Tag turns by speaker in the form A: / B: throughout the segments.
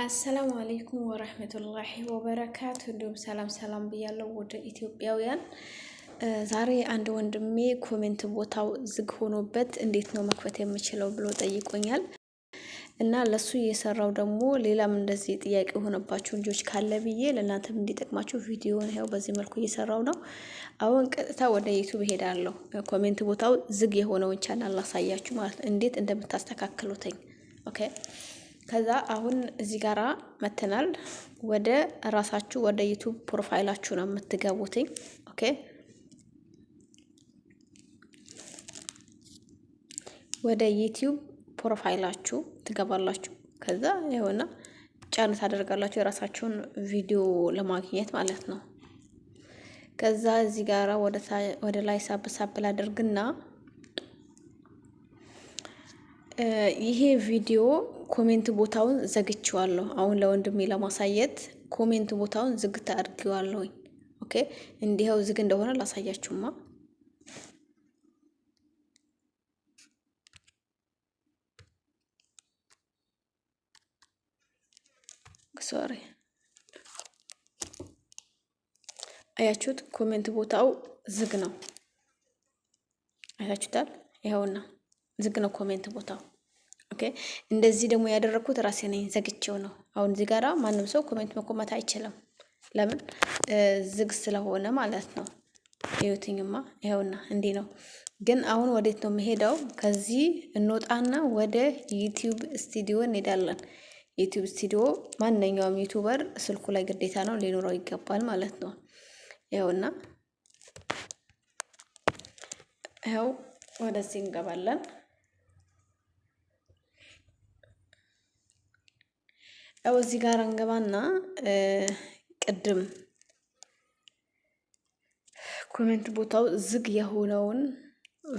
A: አሰላሙ አሌይኩም ወረህመቱላሂ ወበረካቱ። እንዲሁም ሰላም ሰላም ብያለው ወደ ኢትዮጵያውያን። ዛሬ አንድ ወንድሜ ኮሜንት ቦታው ዝግ ሆኖበት እንዴት ነው መክፈት የምችለው ብሎ ጠይቆኛል እና ለሱ እየሰራው ደግሞ ሌላም እንደዚህ ጥያቄ የሆነባቸው ልጆች ካለ ብዬ ለእናንተም እንዲጠቅማችሁ ቪዲዮን ይኸው በዚህ መልኩ እየሰራው ነው። አሁን ቀጥታ ወደ ዩቱብ ሄዳለሁ ኮሜንት ቦታው ዝግ የሆነውን ቻናል ላሳያችሁ ማለት ነው እንዴት እንደምታስተካክሉትኝ ኦኬ ከዛ አሁን እዚህ ጋራ መተናል። ወደ ራሳችሁ ወደ ዩቱብ ፕሮፋይላችሁ ነው የምትገቡትኝ። ኦኬ ወደ ዩቲዩብ ፕሮፋይላችሁ ትገባላችሁ። ከዛ የሆነ ጫን ታደርጋላችሁ የራሳችሁን ቪዲዮ ለማግኘት ማለት ነው። ከዛ እዚህ ጋራ ወደ ላይ ሳብ ሳብ ላደርግና ይሄ ቪዲዮ ኮሜንት ቦታውን ዘግቼዋለሁ። አሁን ለወንድሜ ለማሳየት ኮሜንት ቦታውን ዝግታ አድርጌዋለሁኝ። ኦኬ እንዲኸው ዝግ እንደሆነ ላሳያችሁማ። ሶሪ አያችሁት? ኮሜንት ቦታው ዝግ ነው። አያችሁታል? ይኸውና ዝግ ነው ኮሜንት ቦታው ኦኬ እንደዚህ ደግሞ ያደረግኩት ራሴ ነኝ ዘግቼው ነው። አሁን እዚህ ጋራ ማንም ሰው ኮሜንት መኮመት አይችልም። ለምን ዝግ ስለሆነ ማለት ነው። ይኸውትኝማ ይኸውና እንዲህ ነው። ግን አሁን ወዴት ነው የምሄደው? ከዚህ እንወጣና ወደ ዩቲዩብ ስቱዲዮ እንሄዳለን። ዩቲዩብ ስቱዲዮ ማንኛውም ዩቱበር ስልኩ ላይ ግዴታ ነው ሊኖረው ይገባል ማለት ነው። ይኸውና ይኸው ወደዚህ እንገባለን። ያው እዚህ ጋር እንገባና ቅድም ኮሜንት ቦታው ዝግ የሆነውን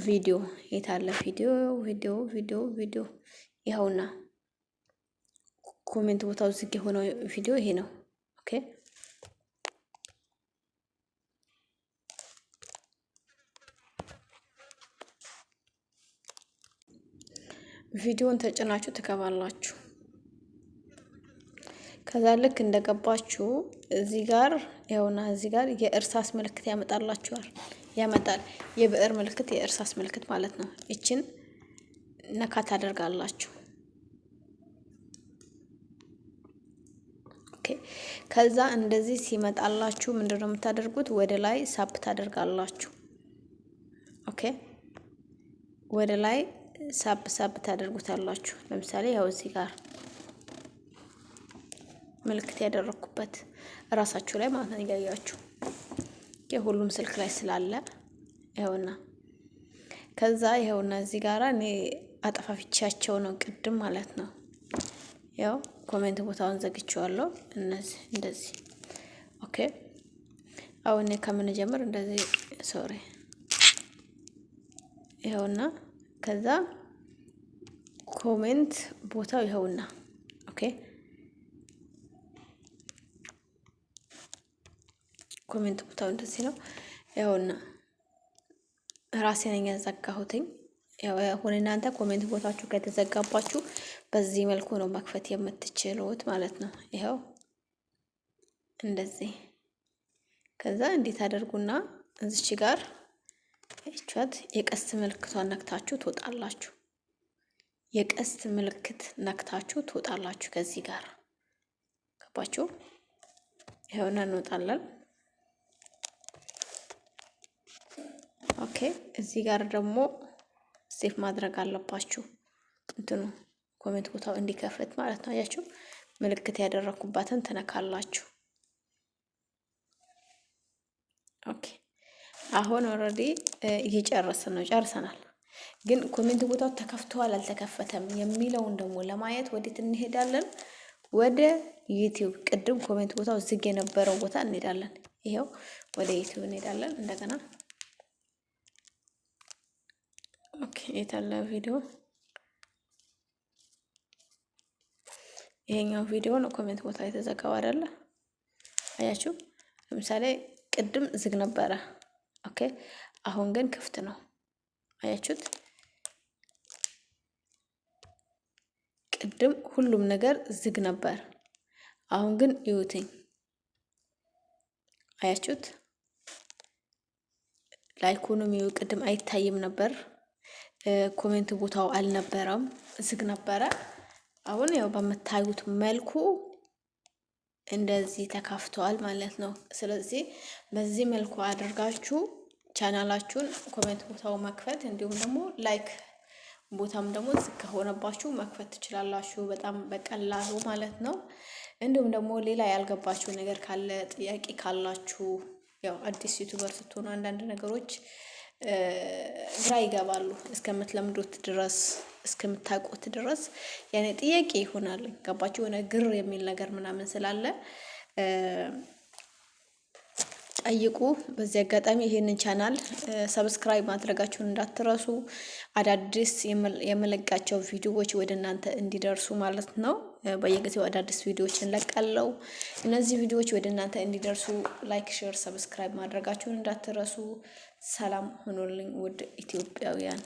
A: ቪዲዮ የታለ ቪዲዮ ቪዲዮ ቪዲዮ ቪዲዮ ይኸውና፣ ኮሜንት ቦታው ዝግ የሆነው ቪዲዮ ይሄ ነው። ኦኬ ቪዲዮን ተጭናችሁ ትገባላችሁ። ከዛ ልክ እንደገባችሁ እዚህ ጋር ይኸውና፣ እዚህ ጋር የእርሳስ ምልክት ያመጣላችኋል ያመጣል። የብዕር ምልክት የእርሳስ ምልክት ማለት ነው። ይችን ነካ ታደርጋላችሁ። ከዛ እንደዚህ ሲመጣላችሁ ምንድነው የምታደርጉት? ወደ ላይ ሳብ ታደርጋላችሁ። ኦኬ። ወደ ላይ ሳብ ሳብ ታደርጉታላችሁ። ለምሳሌ ያው እዚህ ጋር ምልክት ያደረኩበት እራሳችሁ ላይ ማለት ነው። እያያችሁ የሁሉም ስልክ ላይ ስላለ ይኸውና፣ ከዛ ይኸውና እዚህ ጋራ እኔ አጠፋፍቻቸው ነው ቅድም ማለት ነው። ያው ኮሜንት ቦታውን ዘግቼዋለሁ። እነዚህ እንደዚህ ኦኬ። አሁን እኔ ከምንጀምር እንደዚህ ሶሪ፣ ይኸውና ከዛ ኮሜንት ቦታው ይኸውና ኦኬ ኮሜንት ቦታው እንደዚህ ነው። ያውና ራሴ ነኝ ያዘጋሁትኝ። አሁን እናንተ ኮሜንት ቦታችሁ ከተዘጋባችሁ በዚህ መልኩ ነው መክፈት የምትችሉት ማለት ነው። ይኸው እንደዚህ ከዛ እንዴት አደርጉና እዚች ጋር እቻት የቀስት ምልክቷን ነክታችሁ ትወጣላችሁ። የቀስት ምልክት ነክታችሁ ትወጣላችሁ። ከዚህ ጋር ገባችሁ። ይኸውና እንወጣለን። እዚህ ጋር ደግሞ ሴፍ ማድረግ አለባችሁ። እንትኑ ኮሜንት ቦታው እንዲከፍት ማለት ነው። አያችሁ ምልክት ያደረግኩባትን ትነካላችሁ። ኦኬ አሁን ኦልሬዲ እየጨረስን ነው፣ ጨርሰናል። ግን ኮሜንት ቦታው ተከፍተዋል አልተከፈተም የሚለውን ደግሞ ለማየት ወዴት እንሄዳለን? ወደ ዩቲዩብ ቅድም ኮሜንት ቦታው ዝግ የነበረው ቦታ እንሄዳለን። ይሄው ወደ ዩቲዩብ እንሄዳለን እንደገና የታላ ቪዲዮ ይሄኛው ቪዲዮ ነው። ኮሜንት ቦታ ላይ ተዘጋው አይደለ? አያችሁ። ለምሳሌ ቅድም ዝግ ነበረ። ኦኬ፣ አሁን ግን ክፍት ነው። አያችሁት? ቅድም ሁሉም ነገር ዝግ ነበር። አሁን ግን ይዩትኝ። አያችሁት? ላይኩንም ይዩ። ቅድም አይታይም ነበር። ኮሜንት ቦታው አልነበረም፣ ዝግ ነበረ። አሁን ያው በምታዩት መልኩ እንደዚህ ተካፍተዋል ማለት ነው። ስለዚህ በዚህ መልኩ አድርጋችሁ ቻናላችሁን ኮሜንት ቦታው መክፈት እንዲሁም ደግሞ ላይክ ቦታም ደግሞ ዝግ ከሆነባችሁ መክፈት ትችላላችሁ። በጣም በቀላሉ ማለት ነው። እንዲሁም ደግሞ ሌላ ያልገባችሁ ነገር ካለ ጥያቄ ካላችሁ ያው አዲስ ዩቱበር ስትሆኑ አንዳንድ ነገሮች ግራ ይገባሉ እስከምትለምዱት ድረስ እስከምታውቁት ድረስ ያኔ ጥያቄ ይሆናል። ገባችሁ? የሆነ ግር የሚል ነገር ምናምን ስላለ ጠይቁ። በዚህ አጋጣሚ ይሄንን ቻናል ሰብስክራይብ ማድረጋችሁን እንዳትረሱ፣ አዳዲስ የመለቃቸው ቪዲዮዎች ወደ እናንተ እንዲደርሱ ማለት ነው። በየጊዜው አዳዲስ ቪዲዮዎች እንለቃለው። እነዚህ ቪዲዮዎች ወደ እናንተ እንዲደርሱ ላይክ፣ ሼር፣ ሰብስክራይብ ማድረጋችሁን እንዳትረሱ። ሰላም ሆኖልኝ ውድ ኢትዮጵያውያን